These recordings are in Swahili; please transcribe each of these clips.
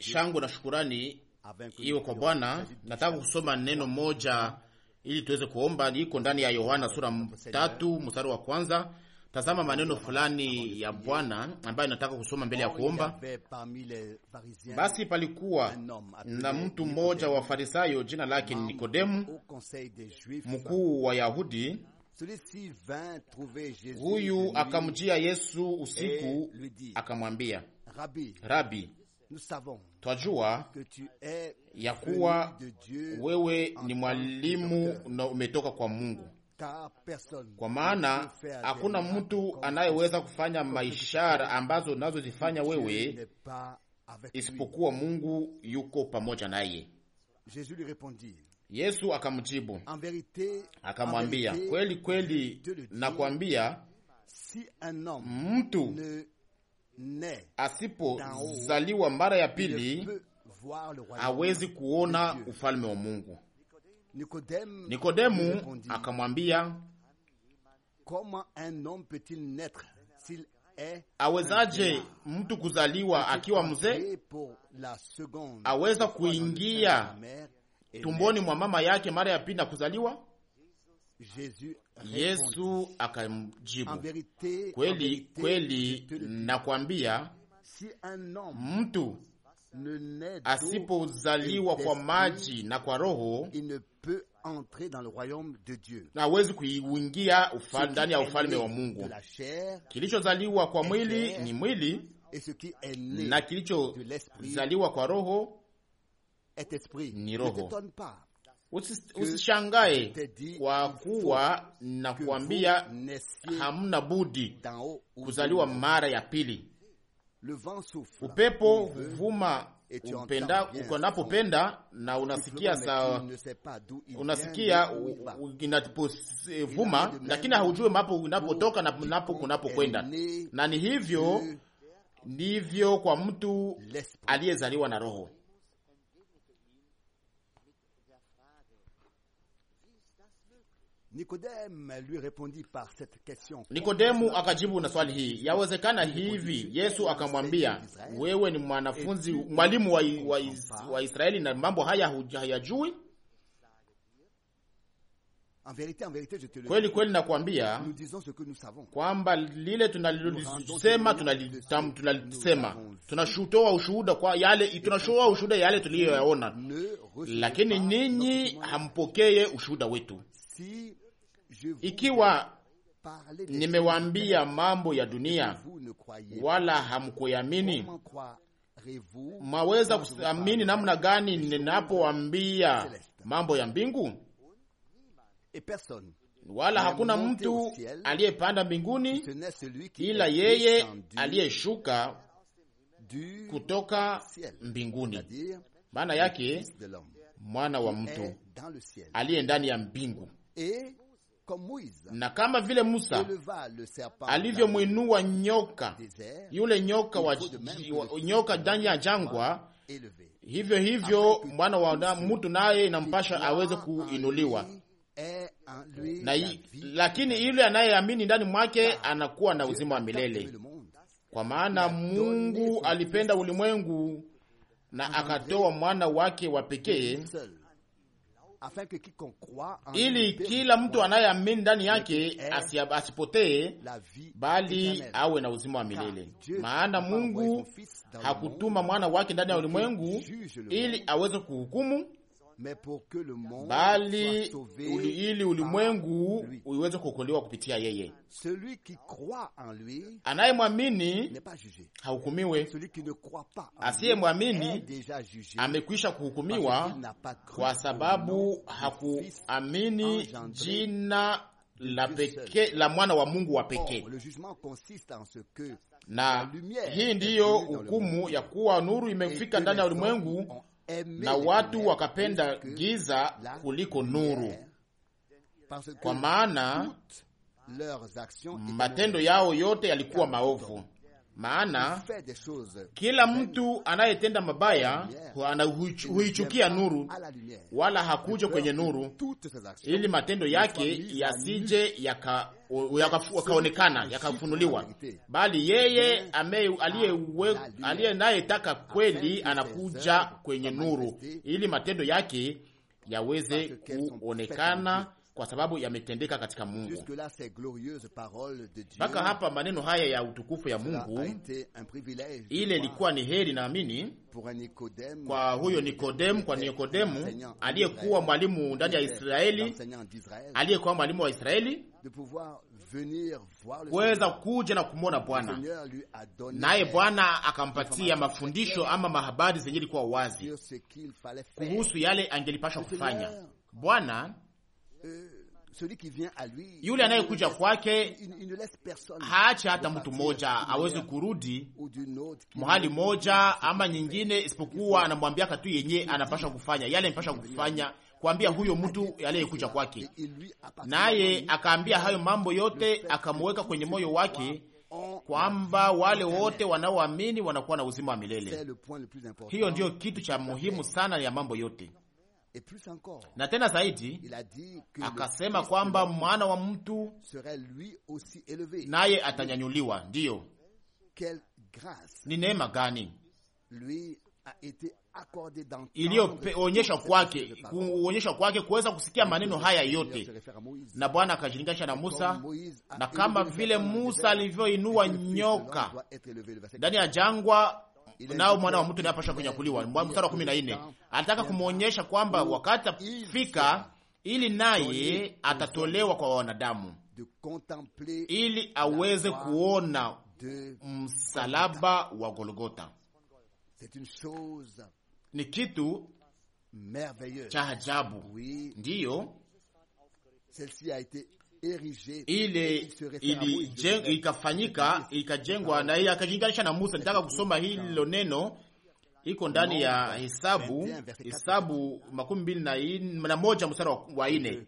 shangwe na shukurani iwe kwa Bwana. Nataka kusoma neno moja ili tuweze kuomba, liko ndani ya Yohana sura tatu mstari wa kwanza. Tazama maneno fulani ya Bwana ambayo nataka kusoma mbele ya kuomba. Basi palikuwa na mtu mmoja wa Farisayo, jina lake ni Nikodemu, mkuu wa Yahudi, Huyu akamjia Yesu usiku akamwambia, Rabi, twajua ya kuwa wewe ni mwalimu na umetoka kwa Mungu, kwa maana hakuna mtu anayeweza kufanya maishara ambazo unazozifanya wewe isipokuwa Mungu yuko pamoja naye. Yesu akamjibu akamwambia, kweli kweli nakwambia, mtu asipozaliwa mara ya pili hawezi kuona ufalme wa Mungu. Nikodemu akamwambia, awezaje mtu kuzaliwa akiwa mzee? Aweza kuingia tumboni mwa mama yake mara ya pili na kuzaliwa? Yesu akamjibu, kweli kweli nakwambia, mtu asipozaliwa kwa maji na kwa Roho hawezi kuingia ndani ya ufalme wa Mungu. Kilichozaliwa kwa mwili ni mwili, na kilichozaliwa kwa Roho ni roho. Usishangae kwa kuwa na kuambia, hamna budi kuzaliwa mara ya pili. Upepo huvuma ukanapopenda na unasikia sa, unasikia inapovuma, eh, lakini haujue mapo unapotoka na napo kunapokwenda, na ni hivyo ndivyo kwa mtu aliyezaliwa na Roho. Nikodemu akajibu na swali hii, yawezekana hivi? Yesu akamwambia, wewe ni mwanafunzi mwalimu wa, wa, wa Israeli na mambo haya hayajui? Kweli kweli nakwambia kwamba lile tunalisema tunalisema, tunalisema. Tunashutoa ushuhuda kwa yale, tunashutoa ushuhuda yale tuliyoyaona, lakini ninyi hampokee ushuhuda wetu. Si ikiwa nimewaambia mambo ya dunia wala hamkuyamini, mwaweza kuamini namna gani ninapowaambia mambo ya mbingu? Wala hakuna mtu aliyepanda mbinguni ila yeye aliyeshuka kutoka mbinguni, maana yake mwana wa mtu aliye ndani ya mbingu na kama vile Musa alivyomwinua nyoka yule nyoka wa, nyoka ndani ya jangwa, hivyo hivyo mwana wa mtu naye inampasha aweze kuinuliwa na i, lakini yule anayeamini ndani mwake anakuwa na uzima wa milele, kwa maana Mungu alipenda ulimwengu na akatoa mwana wake wa pekee ili kila mtu anayeamini ndani yake asipotee, bali awe na uzima wa milele. Maana Mungu hakutuma mwana wake ndani ya ulimwengu ili aweze kuhukumu bali ili ulimwengu uiweze kuokolewa kupitia yeye. Anayemwamini hahukumiwe, asiyemwamini amekwisha kuhukumiwa kwa sababu hakuamini jina la peke, la mwana wa Mungu wa pekee. Na hii ndiyo hukumu ya kuwa nuru imefika ndani ya ulimwengu na watu wakapenda giza kuliko nuru, kwa maana matendo yao yote yalikuwa maovu maana kila mtu anayetenda mabaya huichukia nuru, wala hakuja kwenye nuru, ili matendo yake yasije yakaonekana, yaka, yakafunuliwa, bali yeye aliye nayetaka kweli anakuja kwenye nuru, ili matendo yake yaweze kuonekana kwa sababu yametendeka katika Mungu. Mpaka hapa maneno haya ya utukufu ya Mungu, ile ilikuwa ni heri, naamini kwa huyo Nikodemu, kwa Nikodemu aliyekuwa mwalimu ndani ya Israeli, aliyekuwa mwalimu wa Israeli kuweza kuja na kumwona Bwana, naye Bwana akampatia mafundisho ama mahabari zenye ilikuwa wazi kuhusu yale angelipashwa kufanya Bwana Euh, yule anayekuja kwake haache hata mtu mmoja aweze kurudi mahali moja ama nyingine, isipokuwa anamwambia katu yenye anapasha kufanya yale anapasha kufanya, kuambia huyo mtu aliyekuja kwake, naye akaambia hayo mambo yote, akamuweka kwenye moyo wake kwamba wale wote wanaoamini wanakuwa na uzima wa milele. Hiyo ndiyo kitu cha muhimu sana ya mambo yote na tena zaidi akasema kwamba mwana wa mtu naye atanyanyuliwa. Ndiyo, ni neema gani iliyoonyeshwa kwake kuonyeshwa kwake kuweza kusikia maneno haya yote, na Bwana akajilinganisha na Musa, na kama vile Musa alivyoinua nyoka ndani ya jangwa nao mwana wa mtu ni apasha kunyakuliwa. Mstari wa 14 anataka kumwonyesha kwamba wakati afika ili naye atatolewa kwa wanadamu, ili aweze kuona msalaba wa Golgota. Ni kitu cha ajabu, ndiyo ile ikafanyika ikajengwa, na yeye akajilinganisha na Musa. Nitaka kusoma hilo neno, iko ndani ya Hesabu, Hesabu makumi mbili na, in, na moja mstari wa ine.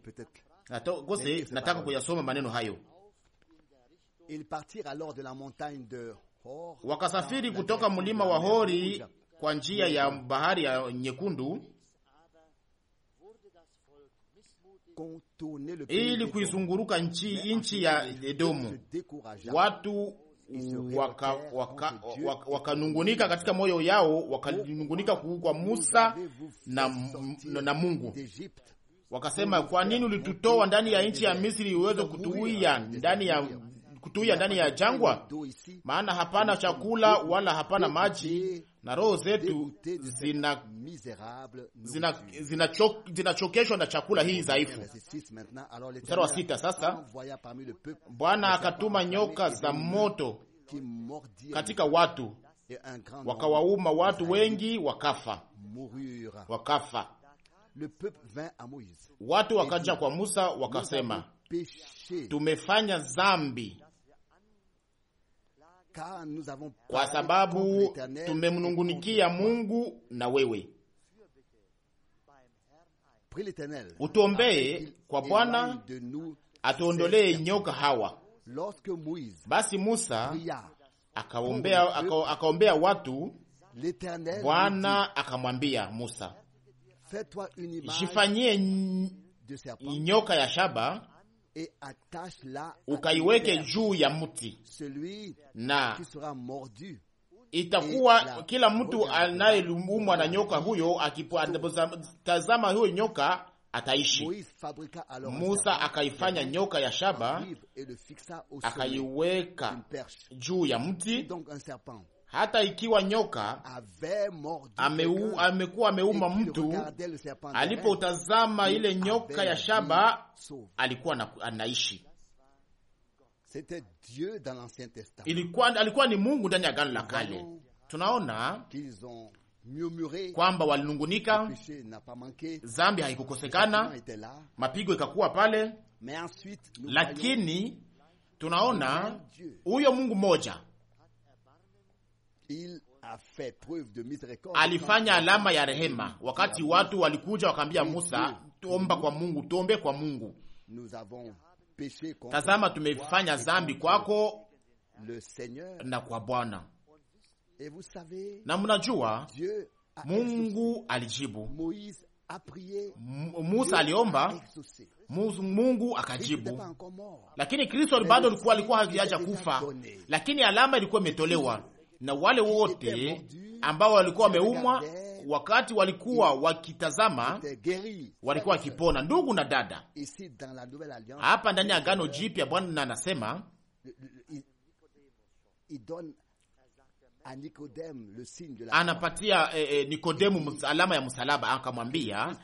Kose nataka kuyasoma maneno hayo. Wakasafiri kutoka mlima wa Hori kwa njia ya bahari ya nyekundu ili kuizunguruka nchi nchi ya Edomu. Watu wakanungunika waka, waka, waka katika moyo yao wakanungunika kwa Musa na, na Mungu wakasema, kwa nini ulitutoa ndani ya nchi ya Misri uweze kutuia ndani ya kutuya ndani ya jangwa, maana hapana chakula wala hapana maji, na roho zetu zinachokeshwa zina, zina zina na chakula hii dhaifu. Mstari wa sita. Sasa Bwana akatuma nyoka za moto katika watu, wakawauma watu wengi, wakafa wakafa. Watu wakaja kwa Musa wakasema, tumefanya zambi kwa sababu tumemnungunikia Mungu na wewe utuombee kwa Bwana atuondolee nyoka hawa. Basi Musa akaombea, akaombea watu. Bwana akamwambia Musa, jifanyie nyoka ya shaba ukaiweke juu ya mti, na itakuwa kila mtu anayeumwa na nyoka huyo akipotazama huyo nyoka ataishi. Musa akaifanya nyoka ya shaba, akaiweka juu ya mti hata ikiwa nyoka amekuwa ame ameuma mtu, alipotazama ile nyoka ya shaba alikuwa na, anaishi. Ilikuwa, alikuwa ni Mungu ndani ya gano la kale. Tunaona kwamba walinungunika, zambi haikukosekana, mapigo ikakuwa pale, lakini tunaona huyo Mungu mmoja alifanya alama ya rehema wakati watu walikuja wakaambia Musa, tuomba kwa Mungu, tuombe kwa Mungu, tazama tumefanya zambi kwako na kwa Bwana. Na mnajua Mungu alijibu. Musa aliomba, Mungu akajibu, lakini Kristo bado alikuwa alikuwa hajaja kufa, lakini alama ilikuwa imetolewa na wale wote ambao walikuwa wameumwa, wakati walikuwa wakitazama, walikuwa wakipona. Ndugu na dada, hapa ndani ya Agano Jipya Bwana anasema anapatia eh, eh, Nikodemu alama ya msalaba, akamwambia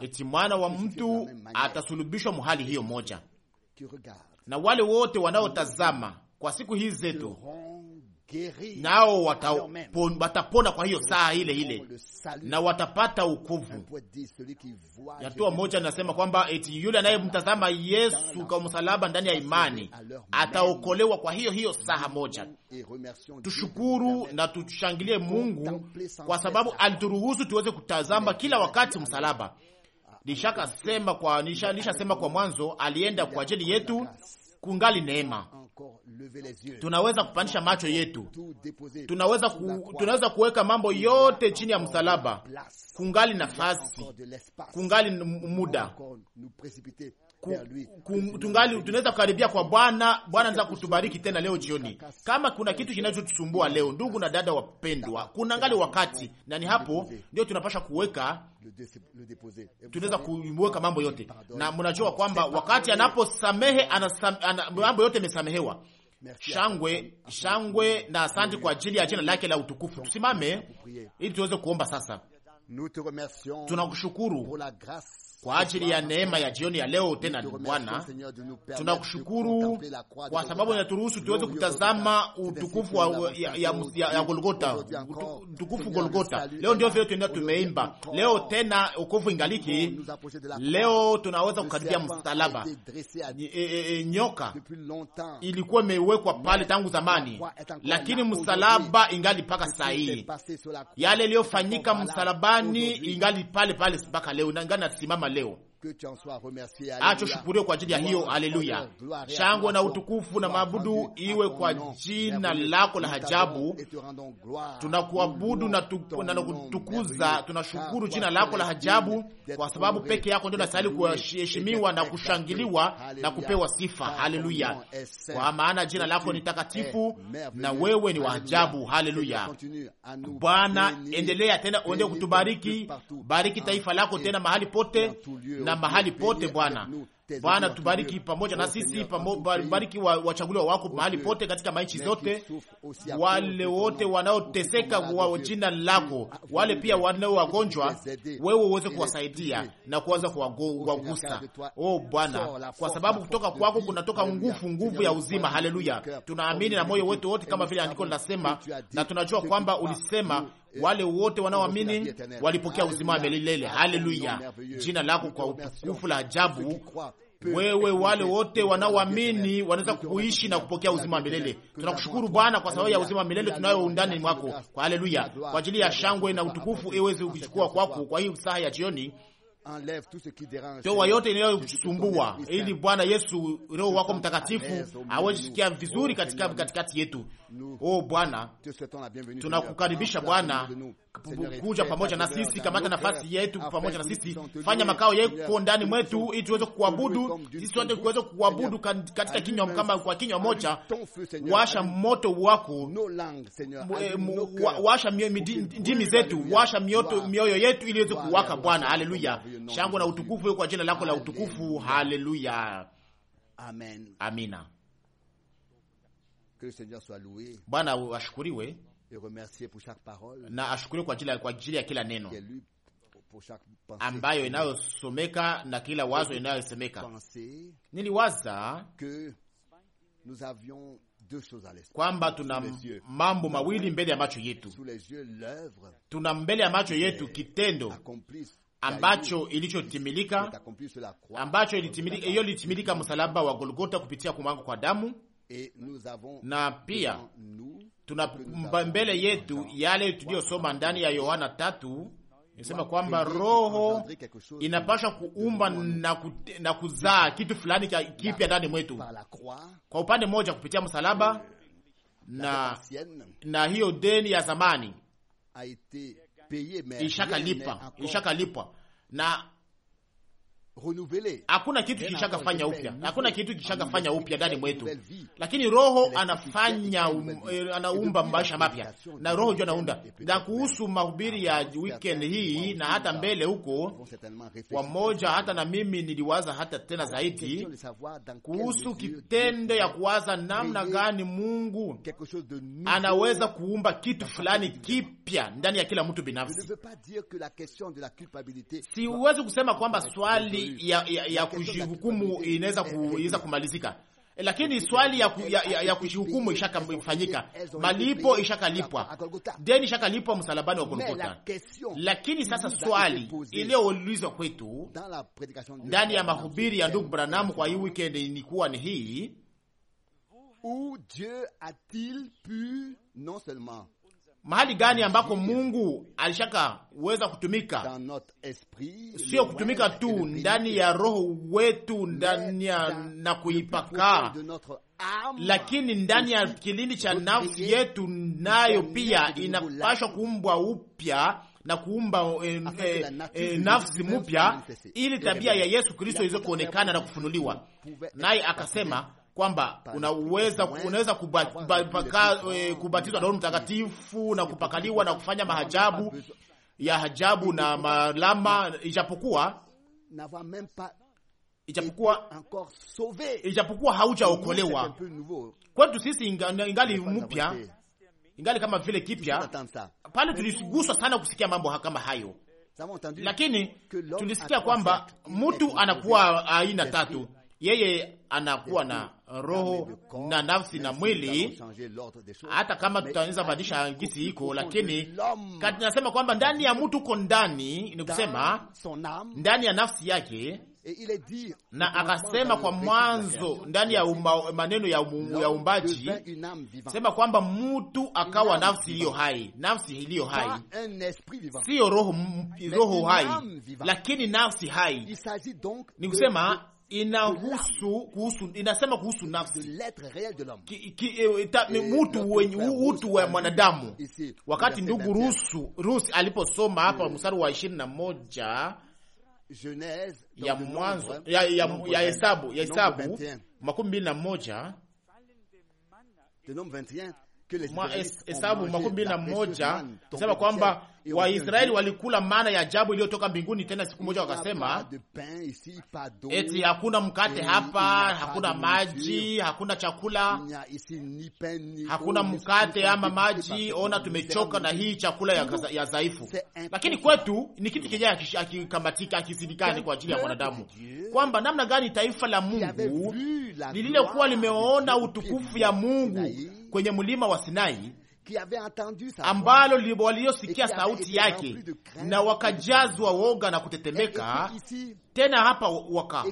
eti mwana wa mtu atasulubishwa muhali hiyo moja. Na wale wote wanaotazama kwa siku hizi zetu nao watapona kwa hiyo saa ile ile na watapata ukuvu. yatua moja nasema kwamba eti yule anayemtazama Yesu kwa msalaba ndani ya imani ataokolewa kwa hiyo hiyo saa moja. Tushukuru na tushangilie Mungu kwa sababu alituruhusu tuweze kutazama kila wakati msalaba. Ah, Nishakasema kwa, nisha, sema kwa mwanzo alienda kwa ajili yetu, kungali neema tunaweza kupandisha macho yetu, tunaweza ku, tunaweza kuweka mambo yote chini ya msalaba. Kungali nafasi, kungali muda tungali tunaweza kukaribia kwa Bwana. Bwana anaweza kutubariki tena leo jioni. Kama kuna kitu kinachotusumbua leo, ndugu na dada wapendwa, kuna ngali wakati na ni hapo ndio tunapasha kuweka, tunaweza kuweka mambo yote, na mnajua kwamba wakati anaposamehe mambo yote yamesamehewa. Shangwe, shangwe na asante kwa ajili ya jina lake la utukufu. Tusimame ili tuweze kuomba sasa. Tunakushukuru kwa ajili ya neema ya jioni ya leo tena. Bwana, tunakushukuru kwa sababu inaturuhusu tuweze kutazama utukufu wa, ya, ya, ya, ya Golgota, utukufu Golgota. Leo ndio vile tuenda tumeimba leo tena, ukovu ingaliki leo, tunaweza kukaribia msalaba. E- e- e- nyoka ilikuwa imewekwa pale tangu zamani, lakini msalaba ingali mpaka saa hii. Yale iliyofanyika msalabani ingali pale pale mpaka leo, ingali nasimama leo Que shukuriwe kwa ajili ya hiyo. Haleluya! Shangwe na utukufu na mabudu iwe kwa jina lako la hajabu. Tunakuabudu na kutukuza, tunashukuru jina lako la hajabu, kwa sababu peke yako ndio nastahili kuheshimiwa na kushangiliwa na kupewa sifa. Haleluya! Kwa maana jina lako ni takatifu na wewe ni wa ajabu. Haleluya! Bwana, endelea tena, uende kutubariki, bariki taifa lako tena mahali pote na mahali pote Bwana, Bwana, tubariki pamoja na sisi, pamoja, bariki wachaguliwa wako mahali pote katika maichi zote, wale wote wanaoteseka wa jina lako, wale pia wanao wagonjwa, wewe uweze kuwasaidia na kuweza kuwagusa, oh Bwana, kwa sababu kutoka kwako kunatoka nguvu, nguvu ya uzima. Haleluya, tunaamini na moyo wetu wote kama vile andiko linasema, na tunajua kwamba ulisema eh, wale wote wanaoamini walipokea uzima wa milele. Haleluya, jina lako kwa utukufu la ajabu wewe wale wote wanaoamini wanaweza kuishi na kupokea uzima wa milele. Tunakushukuru Bwana kwa sababu ya uzima wa milele tunayo undani mwako. Kwa haleluya, kwa ajili ya shangwe na utukufu iweze kuchukua kwako kwa hii saa ya jioni. towa yote inayosumbua, ili Bwana Yesu Roho wako Mtakatifu aweze kusikia vizuri katika katikati yetu. Oh Bwana, tunakukaribisha Bwana kuja pamoja na sisi, kamata nafasi yetu pamoja na sisi, fanya makao yako ndani mwetu, ili tuweze kuabudu sisi wote, kuweze kuabudu katika kinywa, kama kwa kinywa moja. Washa moto wako, eh, washa ndimi zetu, washa mioyo yetu, ili iweze kuwaka Bwana. Haleluya, shangwe na utukufu kwa jina lako la utukufu. Haleluya, amina. Bwana ashukuriwe na ashukuriwe kwa ajili kwa ajili ya kila neno ambayo inayosomeka na kila wazo inayosemeka. Niliwaza kwamba tuna mambo mawili mbele ya macho yetu, tuna mbele ya macho yetu kitendo ambacho ilichotimilika, ambacho hiyo ilitimilika msalaba wa Golgota kupitia kumwanga kwa damu na pia tuna mbele yetu yale tuliyosoma ndani ya Yohana tatu inasema kwamba roho inapasha kuumba na, ku, na kuzaa kitu fulani kipya ndani mwetu, kwa upande mmoja kupitia msalaba euh, na, na hiyo deni ya zamani ishakalipwa ishaka na Hakuna kitu kishakafanya upya, hakuna kitu kishakafanya upya ndani mwetu, lakini Roho anafanya um, eh, anaumba maisha mapya, na Roho ndio anaunda. Na kuhusu mahubiri ya weekend hii na hata mbele huko, kwa hata na mimi niliwaza hata tena zaidi kuhusu kitendo ya kuwaza namna gani Mungu anaweza kuumba kitu fulani kipya ndani ya kila mtu binafsi. Siwezi kusema kwamba swali ya, ya, ya kujihukumu inaweza kuweza kumalizika, lakini swali ya, ya, ya, ya kujihukumu ishakafanyika, malipo ishakalipwa, deni ishakalipwa msalabani wa Golgota. Lakini sasa swali iliyoulizwa kwetu ndani ya mahubiri ya ndugu Branamu kwa hii weekend kuwa ni hii: Dieu a-t-il pu non seulement mahali gani ambako Mungu alishaka weza kutumika, sio kutumika tu ndani ya roho wetu ndani ya na kuipaka, lakini ndani ya kilindi cha nafsi yetu, nayo pia inapashwa kuumbwa upya na kuumba eh, eh, eh, nafsi mpya ili tabia ya Yesu Kristo iweze kuonekana na kufunuliwa. Naye akasema kwamba unaweza unaweza eh, kubatizwa na Roho Mtakatifu na kupakaliwa na kufanya mahajabu ya hajabu na malama, ijapokuwa ijapokuwa e- ijapokuwa haujaokolewa. Kwetu sisi ingali mpya, ingali kama vile kipya. Pale tuliguswa sana kusikia mambo kama hayo, lakini tulisikia kwamba mtu anakuwa aina tatu, yeye anakuwa na roho na nafsi na mwili, hata kama tutaweza badilisha ngisi iko, lakini kati nasema kwamba ndani ya mtu uko ndani, ni kusema ndani ya nafsi yake na akasema kwa mwanzo ndani ya uma, maneno ya, um, ya umbaji sema kwamba mtu akawa nafsi iliyo hai, nafsi iliyo hai, siyo roho, roho hai, lakini nafsi hai ni kusema inahusu kuhusu, inasema kuhusu nafsi utu wa mwanadamu. Wakati ndugu rusu rusi aliposoma hapa eh, mstari wa ishirini na moja ya mwanzo ya ya Hesabu ya Hesabu makumi mbili na moja mwa Hesabu makumi mbili na moja sema kwamba Waisraeli walikula mana ya ajabu iliyotoka mbinguni. Tena siku moja wakasema eti hakuna mkate hapa, hakuna maji, hakuna chakula, hakuna mkate ama maji. Ona, tumechoka na hii chakula ya, ya dhaifu. Lakini kwetu ni kitu kenye akikamatika, akisindikani kwa ajili ya mwanadamu, kwamba namna gani taifa la Mungu lililokuwa limeona utukufu ya Mungu kwenye mlima wa Sinai ambalo waliosikia sauti yake na wakajazwa woga na kutetemeka. Tena hapa waka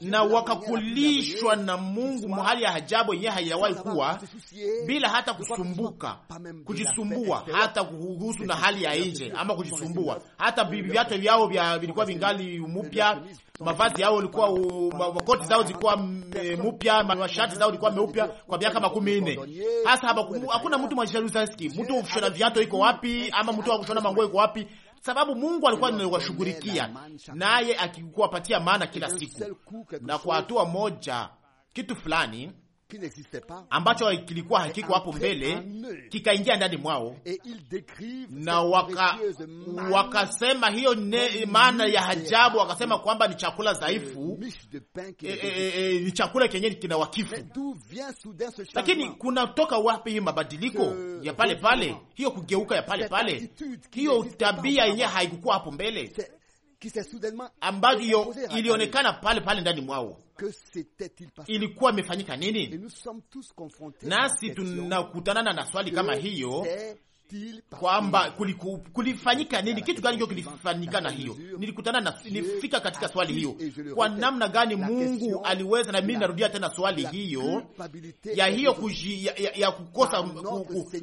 na wakakulishwa na Mungu mahali ya hajabu yenyewe haijawahi kuwa, bila hata kusumbuka kujisumbua hata kuhusu na hali ya nje ama kujisumbua hata viatu vyao vilikuwa vingali mupya mavazi yao ilikuwa makoti zao zilikuwa eh, mupya, mashati zao ilikuwa meupya kwa miaka makumi nne. Hasa hapa hakuna mtu mwasharusaski, mtu kushona viato iko wapi? Ama mtu akushona manguo iko wapi? Sababu Mungu alikuwa anawashughulikia naye akikuwapatia maana kila siku, na kwa hatua moja kitu fulani ambacho kilikuwa hakiko hapo mbele kikaingia ndani mwao, na wakasema waka hiyo ne, maana ya hajabu, wakasema kwamba ni chakula dhaifu, e, e, e, ni chakula kenye kina wakifu. Lakini kunatoka wapi hii mabadiliko ya pale pale, hiyo kugeuka ya pale pale, hiyo tabia yenyewe haikukuwa hapo mbele ambayo ilionekana pale pale ndani mwao ilikuwa imefanyika nini? Nasi tunakutanana na swali kama hiyo kwamba kulifanyika nini, kitu gani kilifanyika na hiyo. Nilikutana na nilifika katika swali hiyo, kwa namna gani Mungu aliweza, na mimi narudia tena swali hiyo ya hiyo kuji, ya, ya, ya kukosa,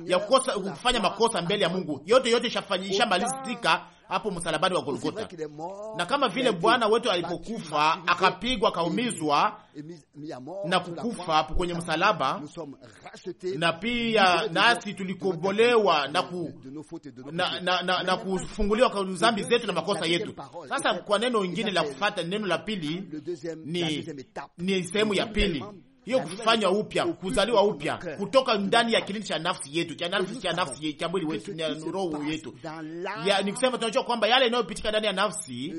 ya kukosa kufanya makosa mbele ya Mungu. Yote yote ishamalizika hapo msalabani wa Golgota, na kama vile Bwana wetu alipokufa akapigwa akaumizwa na kukufa kwenye msalaba, na pia nasi tulikobolewa na, ku, na, na, na, na kufunguliwa kwa dhambi zetu na makosa yetu. Sasa kwa neno ingine la kufata, neno la pili ni, ni sehemu ya pili hiyo kufanywa upya, kuzaliwa upya kutoka ndani ya kilindi cha nafsi yetu, cha nafsi, cha nafsi, cha mwili wetu na roho yetu. Ya ni kusema tunajua kwamba yale yanayopitika ndani ya nafsi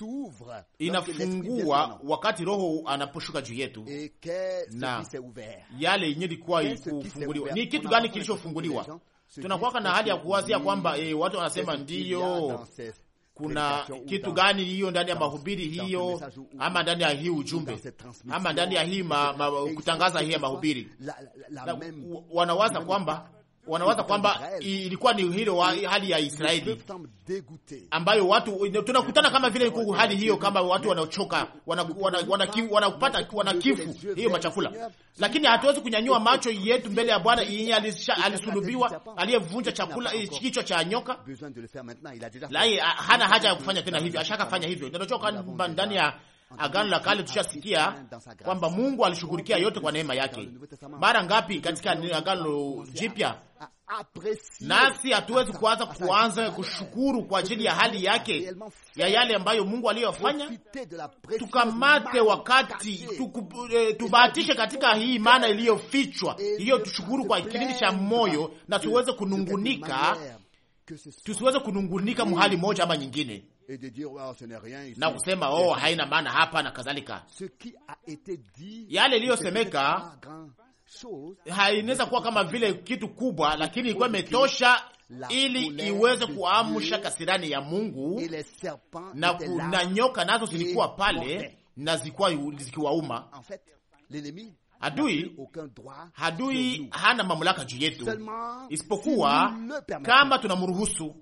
uh, inafungua wakati roho anaposhuka juu yetu, na yale yenye ilikuwa kufunguliwa. Ni kitu gani kilichofunguliwa? Tunakuwaka na hali ya kuwazia kwamba eh, watu wanasema ndiyo kuna kitu gani hiyo ndani ya mahubiri hiyo, ama ndani ya hii ujumbe, ama ndani ya hii kutangaza hii ya mahubiri, wanawaza kwamba wanawaza kwamba ilikuwa ni hilo wa hali ya Israeli ambayo watu tunakutana kama vile hali hiyo, kama watu wanaochoka wanapata kifu hiyo machakula, lakini hatuwezi kunyanyua macho yetu mbele ya Bwana yenye alisulubiwa, aliyevunja chakula eh, kichwa cha nyoka. Hana haja ya kufanya tena hivyo, ashaka fanya hivyo, ndani ya Agano la Kale tushasikia kwamba Mungu alishughulikia yote kwa neema yake. Mara ngapi katika Agano Jipya nasi hatuwezi kuanza kuanza kushukuru kwa ajili ya hali yake ya yale ambayo Mungu aliyofanya. Tukamate wakati tuku, e, tubahatishe katika hii maana iliyofichwa hiyo tushukuru kwa kilindi cha moyo, na tuweze kunungunika, tusiweze kunungunika mhali moja ama nyingine Oh, na kusema oh, haina maana hapa na kadhalika. Yale iliyosemeka hainaweza kuwa kama vile kitu kubwa, lakini ilikuwa imetosha ili iweze kuamsha kasirani ya Mungu na, na nyoka nazo zilikuwa pale na zilikuwa zikiwauma adui. Adui hana mamlaka juu yetu isipokuwa kama tunamruhusu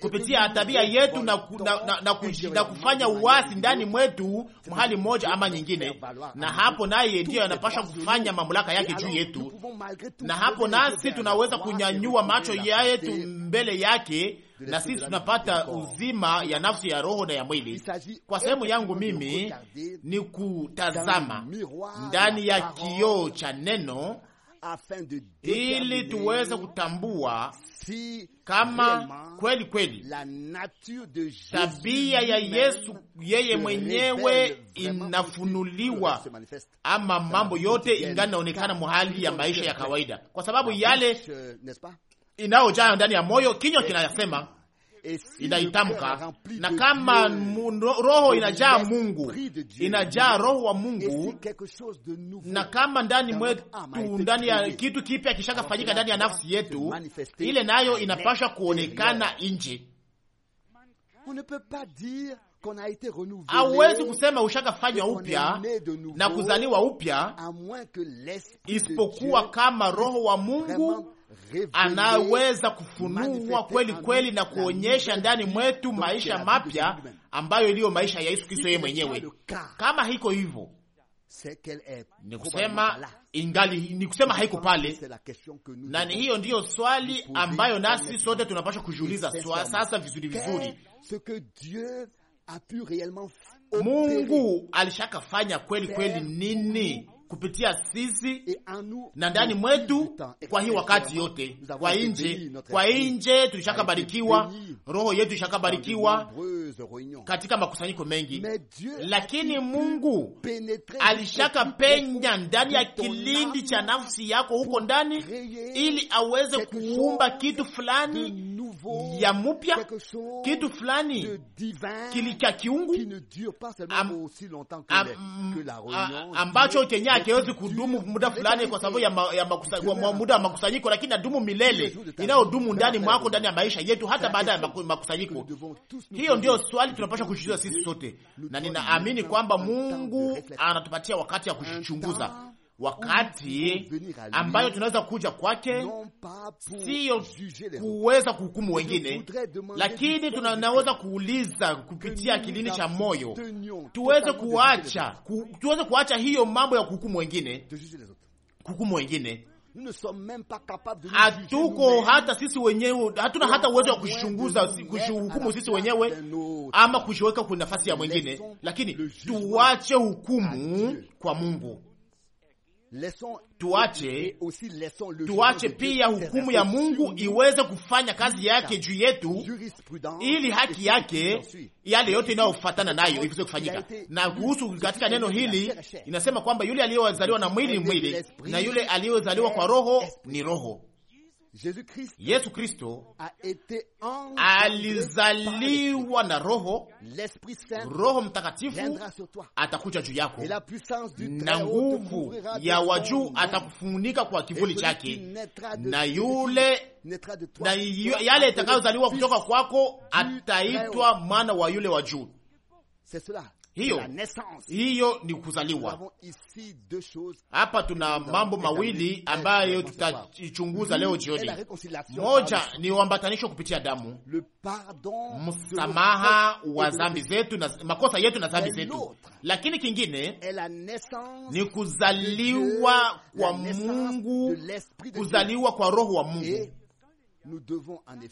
kupitia tabia yetu na, na, na, na, na kufanya uwasi ndani mwetu mahali moja ama nyingine, na hapo naye ndiyo yanapasha kufanya mamlaka yake juu yetu, na hapo nasi tunaweza kunyanyua macho yetu mbele yake na sisi tunapata uzima ya nafsi ya roho na ya mwili. Kwa sehemu yangu mimi ni kutazama ndani ya kioo cha neno ili tuweze kutambua si kama kweli kweli tabia ya Yesu yeye mwenyewe inafunuliwa, ama mambo yote ingani inaonekana mahali ya maisha ya kawaida, kwa sababu yale inayojaa ndani ya moyo, kinywa kinayasema inaitamka, na kama roho inajaa Mungu, inajaa roho wa Mungu, na kama ndani mwetu, ndani ya kitu kipya kishakafanyika ndani ya nafsi yetu, ile nayo inapasha kuonekana nje. Hauwezi kusema ushakafanywa upya na kuzaliwa upya isipokuwa kama roho wa Mungu anaweza kufunua kweli kweli na kuonyesha ndani mwetu maisha mapya ambayo iliyo maisha ya Yesu Kristo yeye mwenyewe. Kama hiko hivyo ni kusema ingali ni kusema haiko pale, na ni hiyo ndiyo swali ambayo nasi sote tunapaswa kujiuliza sasa vizuri vizuri. Mungu alishakafanya kweli kweli nini kupitia sisi na ndani mwetu, kwa hii wakati yote, kwa nje, kwa nje tulishakabarikiwa, roho yetu ishakabarikiwa katika makusanyiko mengi, lakini Mungu alishakapenya ndani ya kilindi cha nafsi yako huko ndani, ili aweze kuumba kitu fulani ya mupya, kitu fulani kilika kiungu ambacho chenye akiwezi kudumu muda fulani, kwa sababu ya muda wa makusanyiko, lakini adumu milele, inayodumu ndani mwako, ndani ya maisha yetu, hata baada ya makusanyiko. Hiyo ndiyo swali tunapasha kujiuliza sisi sote, na ninaamini kwamba Mungu anatupatia wakati ya kuchunguza wakati ambayo tunaweza kuja kwake, siyo kuweza kuhukumu wengine, lakini tunaweza kuuliza kupitia kilini cha moyo, tuweze kuacha ku, tuweze kuacha hiyo mambo ya kuhukumu wengine, kuhukumu wengine hatuko hata sisi wenyewe, hatuna hata uwezo wa kushunguza kuhukumu sisi wenyewe ama kushiweka kwa nafasi ya mwingine, lakini tuwache hukumu kwa Mungu tuache tuache pia hukumu ya Mungu iweze kufanya kazi yake juu yetu, ili haki yake yale yote inayofuatana nayo iweze kufanyika. Na kuhusu katika neno hili inasema kwamba yule aliyezaliwa na mwili mwili, na yule aliyozaliwa kwa roho ni roho. Yesu Kristo alizaliwa na Roho. Roho Mtakatifu atakuja juu yako, na nguvu ya wajuu atakufunika kwa kivuli chake, na yule na yale itakayozaliwa kutoka kwako ataitwa mwana wa yule wa juu hiyo hiyo ni kuzaliwa. Hapa tuna mambo mawili ambayo tutachunguza leo jioni. Moja ni uambatanisho kupitia damu, msamaha wa zambi zetu na makosa yetu na zambi zetu, lakini kingine ni kuzaliwa kwa Mungu, kuzaliwa kwa Roho wa Mungu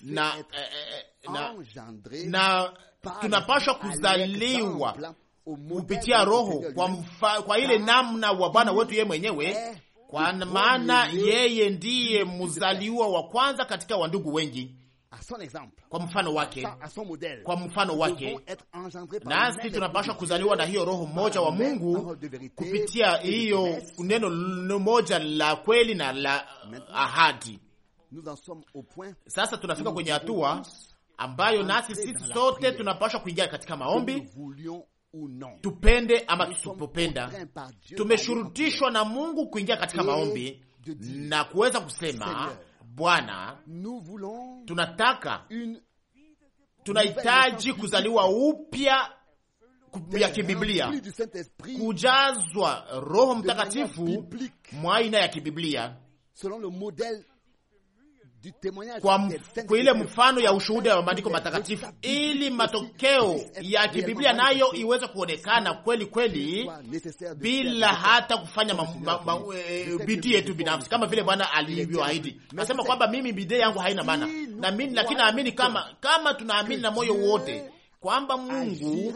na eh, eh, eh, tunapashwa kuzaliwa kupitia Roho kwa, mfa, kwa ile namna wa Bwana wetu yeye mwenyewe, eh, kwa maana yeye ndiye mzaliwa wa kwanza katika wandugu wengi kwa mfano wake, kwa mfano wake, nasi tunapashwa kuzaliwa na hiyo roho moja wa Mungu kupitia hiyo neno moja la kweli na la ahadi. Sasa tunafika kwenye hatua ambayo nasi sisi sote tunapashwa kuingia katika maombi tupende ama tusipopenda, tumeshurutishwa na Mungu kuingia katika maombi na kuweza kusema Bwana, tunataka tunahitaji kuzaliwa upya ya kibiblia, kujazwa Roho Mtakatifu mwa aina ya kibiblia kwa, kwa ile mfano ya ushuhuda wa maandiko matakatifu, ili matokeo ya kibiblia nayo iweze kuonekana kweli kweli, bila hata kufanya eh, bidii yetu binafsi, kama vile Bwana alivyoahidi. Nasema kwamba mimi bidii yangu haina maana na mimi, lakini naamini kama kama tunaamini na moyo wote kwamba Mungu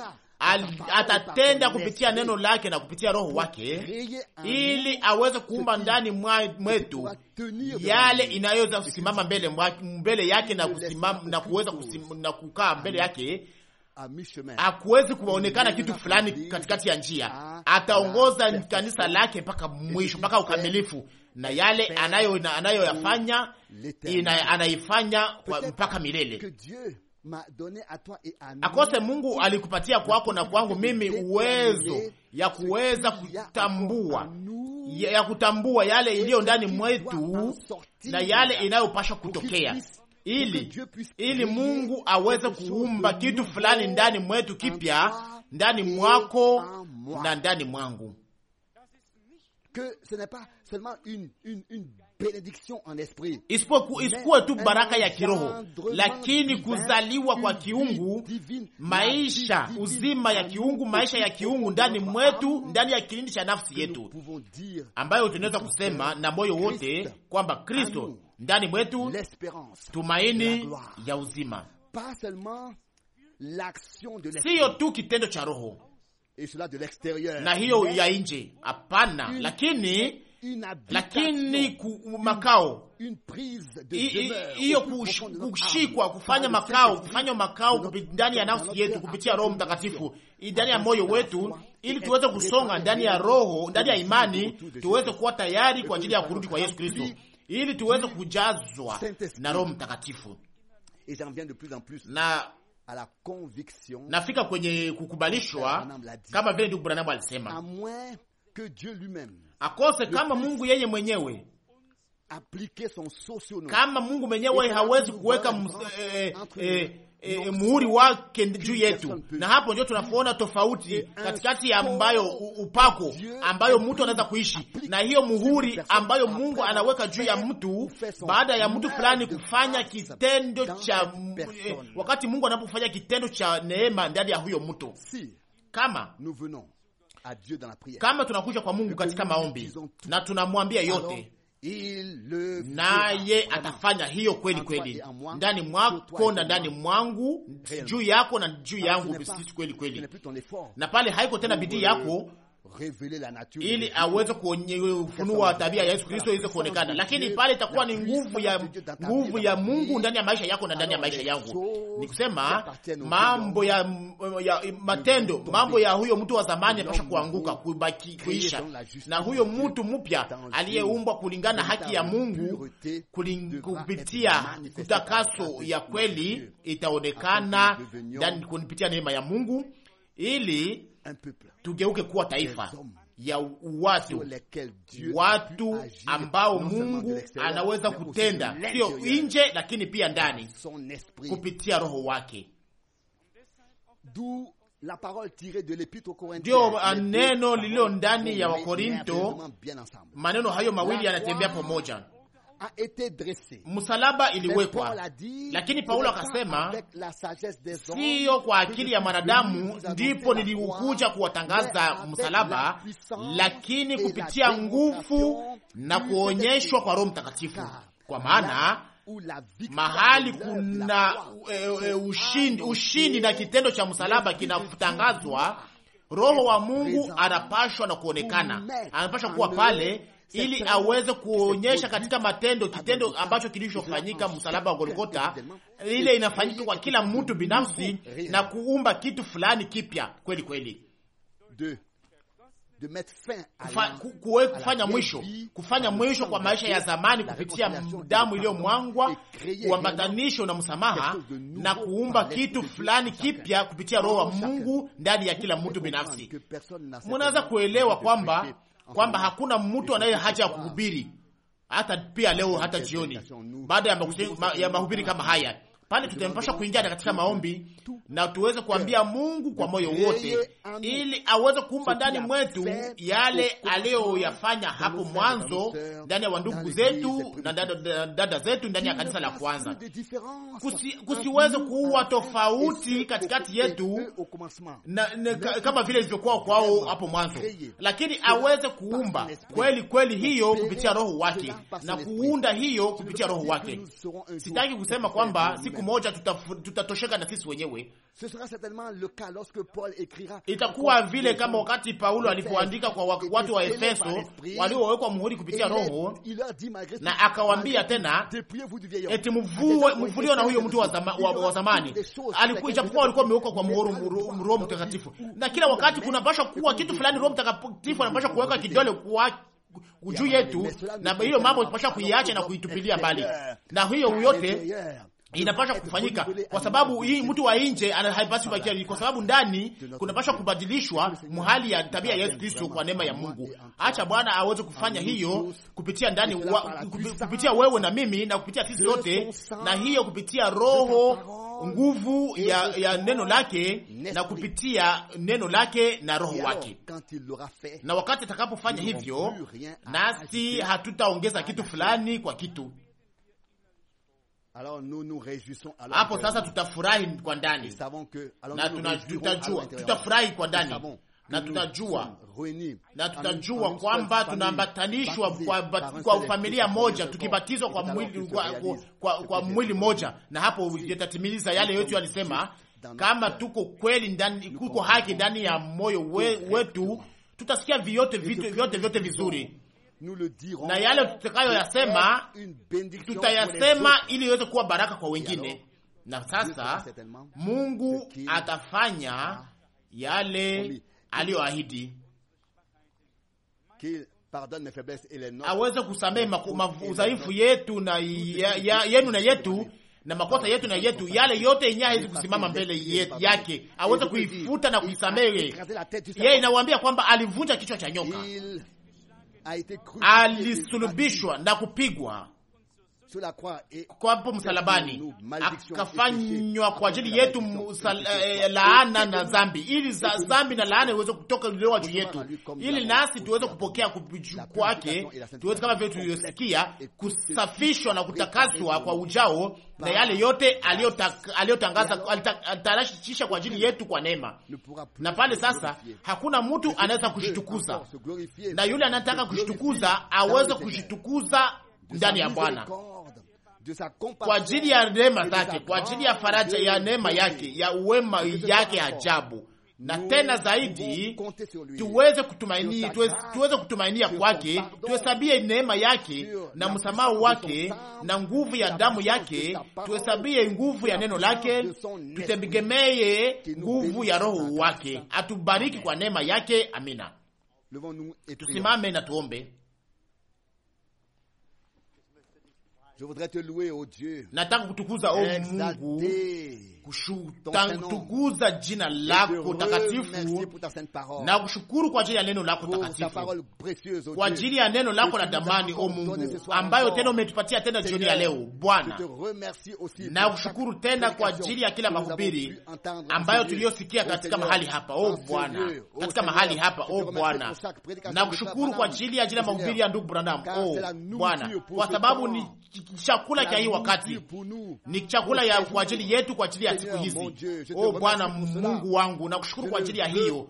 atatenda kupitia neno lake na kupitia Roho wake ili aweze kuumba ndani mwetu yale inayoweza kusimama mbele, mbele yake na kusimama, na kuweza na kukaa mbele yake. akuwezi kuonekana kitu fulani katikati ya njia. Ataongoza kanisa lake mpaka mwisho, mpaka ukamilifu, na yale anayoyafanya anayoyafanya anaifanya mpaka milele akose Mungu alikupatia kwako na kwangu mimi uwezo ya kuweza kutambua ya kutambua yale iliyo ndani mwetu na yale inayopashwa kutokea ili ili Mungu aweze kuumba kitu fulani ndani mwetu kipya, ndani mwako na ndani mwangu benediction en esprit, isipokuwa tu baraka ya kiroho, lakini kuzaliwa kwa kiungu, maisha uzima ya kiungu, maisha ya kiungu ndani mwetu, ndani ya kilindi cha nafsi yetu, ambayo tunaweza kusema na moyo wote kwamba Kristo ndani mwetu, tumaini ya uzima, siyo tu kitendo cha roho na hiyo ya nje, hapana, lakini lakini makao hiyo kushikwa kufanya makao kufanya makao ndani ya nafsi yetu kupitia Roho Mtakatifu ndani ya moyo wetu, ili tuweze kusonga ndani ya roho, ndani ya imani, tuweze kuwa tayari kwa ajili ya kurudi kwa Yesu Kristo, ili tuweze kujazwa na Roho Mtakatifu na nafika kwenye kukubalishwa kama vile ndugu Branham alisema akose kama Mungu yeye mwenyewe kama Mungu mwenyewe hawezi kuweka E, muhuri wake juu yetu, na hapo ndio tunapoona tofauti katikati ambayo upako ambayo mtu anaweza kuishi na hiyo muhuri ambayo Mungu anaweka juu ya mtu baada ya mtu fulani kufanya kitendo cha eh, wakati Mungu anapofanya kitendo cha neema ndani ya huyo mtu kama kama tunakuja kwa Mungu katika maombi na tunamwambia yote naye atafanya hiyo kweli kweli, ndani mwako na ndani mwangu, juu yako na juu yangu, kweli kweli. Na pale haiko tena bidii euh, yako ili aweze kufunua tabia ya Yesu Kristo iweze kuonekana, lakini pale itakuwa ni nguvu ya nguvu ya Mungu ndani ya maisha yako na ndani ya maisha yangu. Ni kusema mambo ya, ya matendo, mambo ya huyo mtu wa zamani anapasha kuanguka, kubaki, kuisha, na huyo mtu mpya aliyeumbwa kulingana haki ya Mungu kupitia kutakaso ya kweli itaonekana kupitia neema ya Mungu ili tugeuke kuwa taifa ya watu, watu ambao Mungu anaweza kutenda, sio nje, lakini pia ndani kupitia Roho wake. Ndio euh, neno lililo ndani ya Wakorinto, maneno hayo mawili yanatembea pamoja msalaba iliwekwa, lakini Paulo akasema siyo kwa akili ya mwanadamu ndipo niliukuja kuwatangaza msalaba, lakini kupitia nguvu na kuonyeshwa kwa Roho Mtakatifu, kwa maana mahali kuna e, e, ushindi, ushindi na kitendo cha msalaba kinatangazwa, Roho wa Mungu anapashwa na kuonekana, anapashwa kuwa pale ili aweze kuonyesha katika matendo kitendo ambacho kilichofanyika msalaba wa Golgota, ile inafanyika kwa kila mtu binafsi na kuumba kitu fulani kipya kweli kweli, kufanya mwisho, kufanya mwisho kwa maisha ya zamani kupitia damu iliyomwangwa, uambatanisho na msamaha, na kuumba kitu fulani kipya kupitia Roho wa Mungu ndani ya kila mtu binafsi. Mnaweza kuelewa kwamba kwamba hakuna mtu anaye haja ya kuhubiri hata pia leo hata jioni baada ya mahubiri kama haya pale tutapasha kuingia katika maombi na tuweze kuambia Mungu kwa moyo wote, ili aweze kuumba ndani mwetu yale aliyoyafanya hapo mwanzo ndani ya wandugu zetu na dada zetu ndani ya kanisa la kwanza, kusiweze kuwa tofauti katikati yetu na, na, kama vile ilivyokuwa kwao hapo mwanzo, lakini aweze kuumba kweli kweli hiyo kupitia Roho wake na kuunda hiyo kupitia Roho wake. Sitaki kusema kwamba siku siku moja tutatosheka na sisi wenyewe. Itakuwa vile kama wakati Paulo alipoandika kwa watu wa Efeso waliowekwa muhuri kupitia Roho, na akawambia tena eti mvuliwe na huyo mtu wa zamani, ijapokuwa walikuwa wamewekwa kwa Roho Mtakatifu. Na kila wakati kunapasha kuwa kitu fulani, Roho Mtakatifu anapasha kuweka kidole juu yetu, na hiyo mambo pasha kuiacha na kuitupilia mbali, na hiyo yote inapaswa kufanyika kwa sababu hii mtu wa nje haipaswi kwa, kwa sababu ndani kunapashwa kubadilishwa mhali ya tabia ya Yesu Kristo kwa neema ya Mungu. Acha Bwana aweze kufanya hiyo kupitia ndani wa, kupitia wewe na mimi na kupitia sisi wote, na hiyo kupitia Roho nguvu ya, ya neno lake na kupitia neno lake na Roho wake. Na wakati atakapofanya hivyo, nasi hatutaongeza kitu fulani kwa kitu Alors nous nous réjouissons alors hapo sasa tutafurahi kwa ndani na tutajua, tutafurahi kwa ndani na tutajua na tutajua kwamba tunaambatanishwa kwa, kwa familia moja tukibatizwa kwa mwili, kwa, kwa, kwa, kwa mwili moja, na hapo itatimiliza yale yote alisema, kama tuko kweli ndani, kuko haki ndani ya moyo we, wetu tutasikia vyote vyote vyote vizuri na yale tutakayoyasema tutayasema ili iweze kuwa baraka kwa wengine. Na sasa Mungu atafanya yale aliyoahidi aweze kusamehe udhaifu yetu na ya, ya, yenu na yetu na makosa yetu na yetu, yale yote yenye hawezi kusimama mbele yetu, yake aweze kuifuta na kuisamehe yeye. Inawaambia kwamba alivunja kichwa cha nyoka alisulubishwa na kupigwa kwapo hapo msalabani, akafanywa kwa ajili yetu eh, laana na zambi, ili za zambi na laana iweze kutoka leo juu yetu, ili nasi tuweze kupokea kwake, tuweze kama vile tuliyosikia, kusafishwa na kutakaswa kwa ujao na yale yote aliyotangaza alitarashisha kwa ajili yetu kwa neema. Na pale sasa, hakuna mtu anaweza kushitukuza, na yule anataka kushitukuza aweze kushitukuza ndani ya Bwana kwa ajili ya neema zake, kwa ajili ya faraja ya neema yake, ya uwema yake ajabu, na tena zaidi tuweze kutumainia, tuweze kutumainia kwake, tuhesabie neema yake na msamaha wake na nguvu ya damu yake, tuhesabie nguvu ya neno lake, tutegemee nguvu ya Roho wake. Atubariki kwa neema yake. Amina. Tusimame na tuombe. Je voudrais te louer, ô oh Dieu. Nataka kutukuza, oh Mungu. tukuza jina lako takatifu na kushukuru kwa ajili ya neno lako oh, takatifu, oh kwa ajili ya neno lako la damani, o oh Mungu, ambayo tena umetupatia tena jioni ya leo Bwana. Na kushukuru tena kwa ajili ya kila mahubiri ambayo tuliyosikia katika mahali hapa, o Bwana, katika mahali hapa, o Bwana. Na kushukuru kwa ajili ya ajili ya mahubiri ya ndugu Branham, o Bwana, kwa sababu ni chakula cha hii wakati, ni chakula ya kwa ajili yetu, kwa ajili ya ya siku hizi. Oh Bwana Mungu wangu, nakushukuru kwa ajili ya hiyo.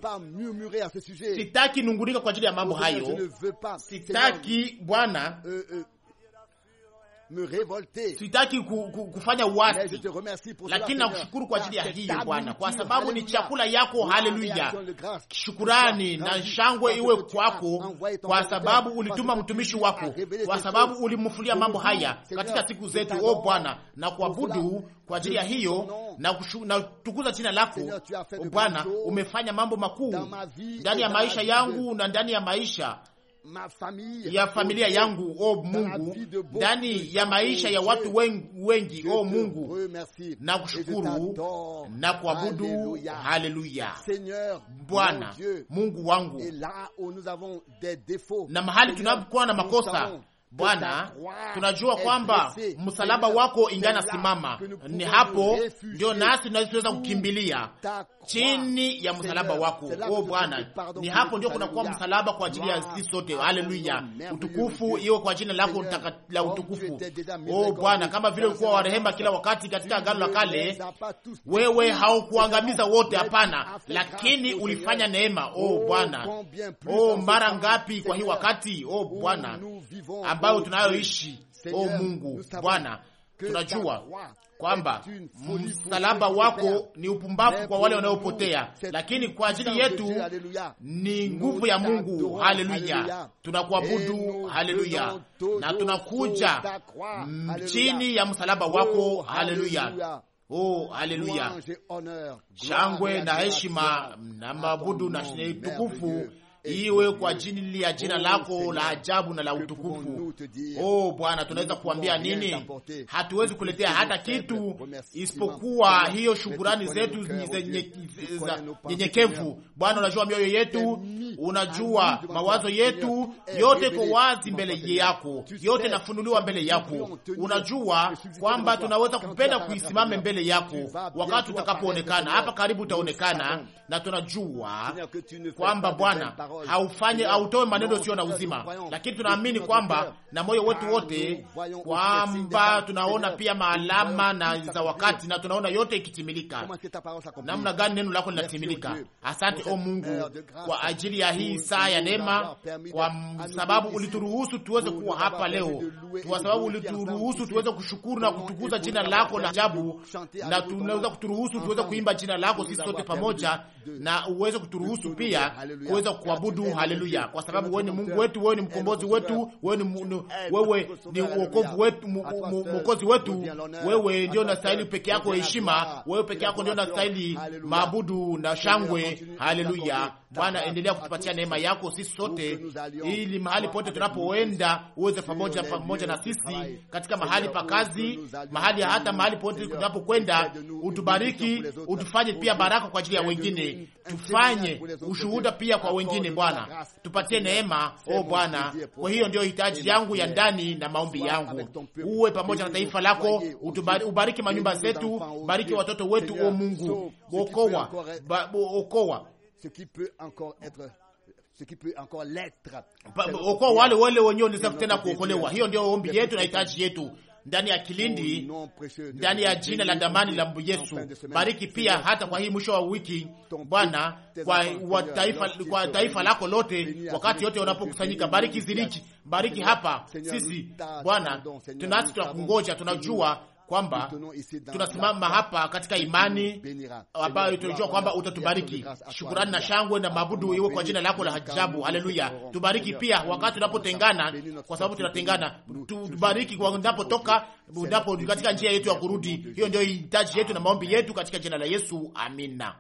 Sitaki nungunika kwa ajili ya mambo hayo, sitaki Bwana sitaki ku, ku, kufanya uasi, lakini nakushukuru kwa ajili ya hiyo Bwana, kwa sababu ni chakula yako. Haleluya, shukurani na shangwe iwe kwako, kwa sababu ulituma mtumishi wako, kwa sababu ulimfulia mambo haya katika siku zetu, o oh Bwana, na kuabudu kwa ajili ya hiyo na, na tukuza jina lako oh Bwana. Umefanya mambo makuu ndani ya maisha yangu na ndani ya maisha ya familia yangu o oh Mungu, ndani ya maisha ya watu wengi, wengi o oh Mungu, na kushukuru na kuabudu. Haleluya! Bwana Mungu wangu, na mahali tunapokuwa na makosa Bwana, tunajua kwamba msalaba wako ingana simama, ni hapo ndio nasi tunaweza kukimbilia chini ya msalaba wako. O oh, Bwana, ni hapo ndio kunakuwa msalaba kwa ajili ya sisi sote. Haleluya, utukufu iwe kwa jina lako la utukufu. O oh, Bwana, kama vile ulikuwa warehema kila wakati katika agano la kale, wewe haukuangamiza wote, hapana, lakini ulifanya neema. O oh, Bwana, o mara ngapi kwa hii wakati, o Bwana ambayo tunayoishi. O Mungu Bwana, tunajua kwamba msalaba wako ni upumbavu kwa wale wanaopotea, lakini kwa ajili yetu ni nguvu ya Mungu. Haleluya, tunakuabudu. Haleluya, na tunakuja chini ya msalaba wako. Haleluya. Oh, haleluya! Oh, Shangwe na heshima na mabudu na tukufu iwe kwa ajili ya jina oh, lako la ajabu na la utukufu. Oh Bwana, tunaweza kuambia nini? Hatuwezi kuletea hata kitu isipokuwa hiyo shukurani zetu nyenyekevu. Bwana, unajua mioyo yetu unajua mawazo yetu yote, ko wazi mbele yako, yote nafunuliwa mbele yako. Unajua kwamba tunaweza kupenda kuisimame mbele yako wakati utakapoonekana hapa karibu, utaonekana na tunajua kwamba Bwana haufanye autoe maneno sio na uzima, lakini tunaamini kwamba na moyo wetu wote kwamba tunaona pia maalama na za wakati, na tunaona yote ikitimilika. Namna gani neno lako linatimilika? Asante o Mungu kwa ajili ya hii saa ya neema, kwa sababu ulituruhusu tuweze kuwa hapa leo, kwa sababu ulituruhusu tuweze kushukuru na kutukuza jina lako la ajabu, na tunaweza kuturuhusu tuweze kuimba jina lako sisi sote pamoja, na uweze kuturuhusu pia kuweza kuabudu. Haleluya, kwa sababu wewe ni Mungu wetu, wewe ni mkombozi wetu, wewe ni wetu, mwokozi wetu. Wewe ndio stahili peke yako heshima, wewe peke yako ndio unastahili maabudu na shangwe. Haleluya. Bwana, endelea kutupatia neema yako sisi sote, ili mahali pote tunapoenda uweze pamoja pamoja na sisi katika mahali pa kazi, mahali hata mahali pote tunapokwenda, utubariki, utufanye pia baraka kwa ajili ya wengine, tufanye ushuhuda pia kwa wengine. Bwana, tupatie neema o Bwana. Kwa hiyo ndio hitaji yangu ya ndani na maombi yangu, uwe pamoja na taifa lako, ubariki manyumba zetu, bariki watoto wetu, o Mungu, okowa okoa ce qui peut encore être ce qui peut encore l'être wale wale wenyewe kuokolewa. Hiyo ndio ombi yetu na hitaji yetu ndani ya kilindi, ndani ya jina la damani la Yesu. Bariki pia hata kwa hii mwisho wa wiki Bwana, kwa, taifa, kwa taifa lako lote, wakati yote unapokusanyika, bariki Ziriki, bariki hapa sisi Bwana, tunasi tunakungoja, tunajua kwamba tunasimama hapa katika imani ambayo tunajua kwamba utatubariki. Shukurani na shangwe na mabudu iwe kwa jina lako la ajabu. Haleluya! Tubariki pia wakati tunapotengana, kwa sababu tunatengana. Tubariki unapotoka unapo katika njia yetu ya kurudi. Hiyo ndio hitaji yetu na maombi yetu katika jina la Yesu, amina.